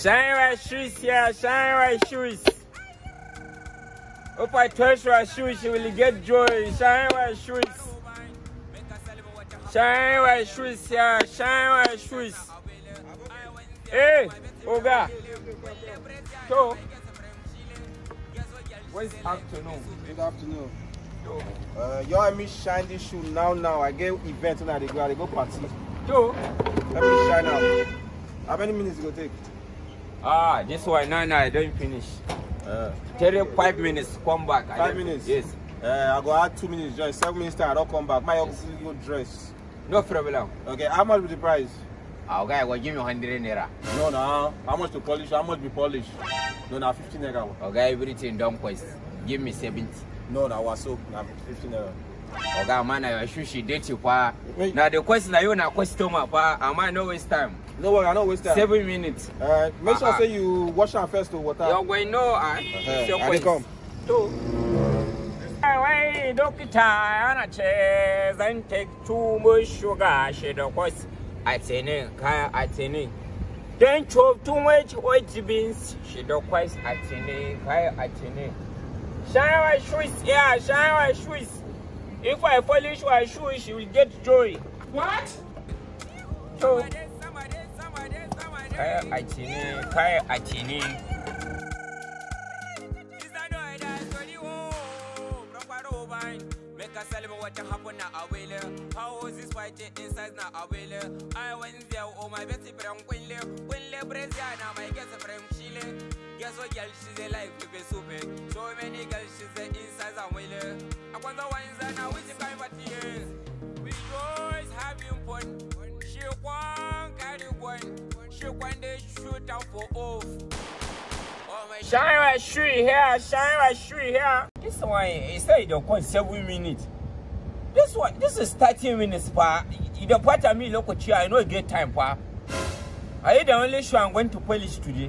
Shine right shoes here, shine right shoes. If I touch right shoes, you will get joy. Shine right shoes. Shine right shoes here, shine right shoes. Hey, Oga. So, when's afternoon? Good afternoon. Uh, I all and shine this shoe now, now. I get event and I go, I go party. Yo. Let me shine out. How many minutes it go take? Ah, this one, no, no, I don't finish. Uh, Tell you five minutes, come back. Five minutes? Yes. Uh, I go add two minutes, join. Seven minutes time, I don't come back. My yes. go dress. No problem. Okay, how much be the price? Ah, okay, I go give you 100 naira. No, no. How much to polish? How much be polished? No, no, 15 naira. Okay, everything done. Please, Give me 70. No, no, was so. No, 15 naira. Oga, okay, man, I should she date you, pa. Now, the question, I you na customer, pa. Am I no waste time? No worry, I don't waste time. Seven minutes. All Make uh -huh. sure uh-uh. say you wash am first to oh, water. You're going no, ah. Uh, your way. come. Two. Wai dokita ana ce zan take too much sugar She don't kwas a tinin kaya a tinin. Don chop too much white beans She don't kwas a tinin kaya a tinin. Shine shoes, yeah, shine my shoes. If I polish my shoes, she will get joy. What? So, kayan aci ne kayan aci ne ka salma wata hafuna a wele houses white inside na a i went there oh my best friend kunle kunle brazil my best friend shile guess what girl she's a life be super so many girls she's a inside a wele akwanza wanza na which kind of Shine right street here, shine right street here. This one, he said it will seven minutes. This one, this is 30 minutes, pa. The part of me, look at you, I know a great time, pa. Are you the only show I'm going to polish today?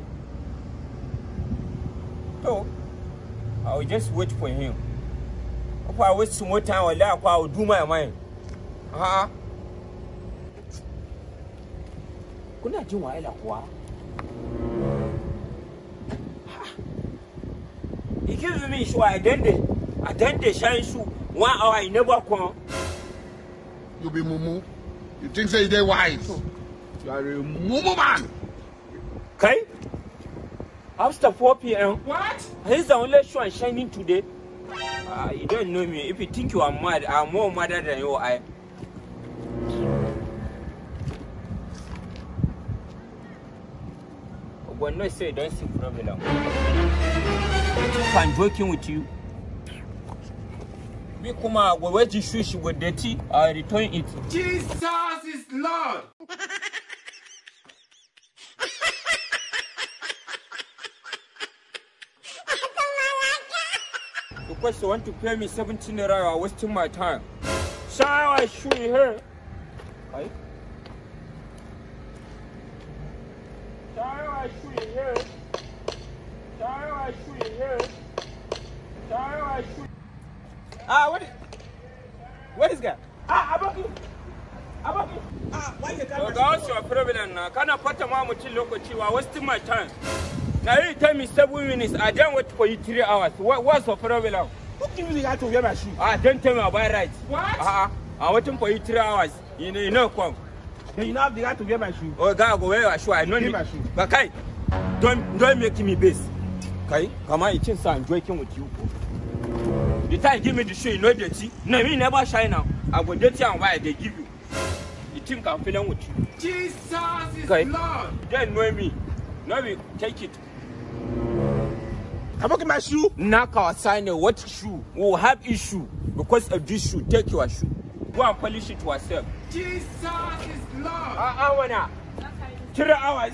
So, I will just wait for him. If I waste some more time on that, I will do my mind. Uh huh? Kuna jin wa'ila kuwa? excuse me so I atende shine so one hour you never come you be mumu you think say you dey wise you are a mumu man okay after 4 p.m what he's the only sun shining today uh, you don't know me if you think you are mad i'm more madder than you are. but not say don't see problem I'm joking with you, we come out with shush with dirty, I return it. Jesus is Lord! Because you want to pay me 17 naira, i I'm wasting my time. So I shoot her. Right? So I shoot her. Ah, what is, what is that? Ah, abaki. Abaki. Ah, why you can't? Because are problem now. Can I put a mom with you? look you? I wasted my time. Now you tell me seven minutes. I didn't wait for you three hours. What, what's your problem Who give you the right to wear my shoe? Ah, don't tell me about right. What? Ah, uh -uh. I'm waiting for you three hours. You know, you know, come. Then you don't have the right to wear my shoe. Oh, God, go wear your shoe. I know you. But, Kai, don't, don't make me base. Okay, come on, it's some i with you. The time give me the shoe, you know the tea. No, me never shine now. I will date you and why they give you. The team can fill with you. Jesus is Kai. Lord. Then know me. Now we take it. Come on, my shoe. Knock our sign what shoe will have issue because of this shoe. Take your shoe. Go and polish it yourself. Jesus is Lord. I, ah, I ah, wanna. Three hours.